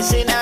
amazing.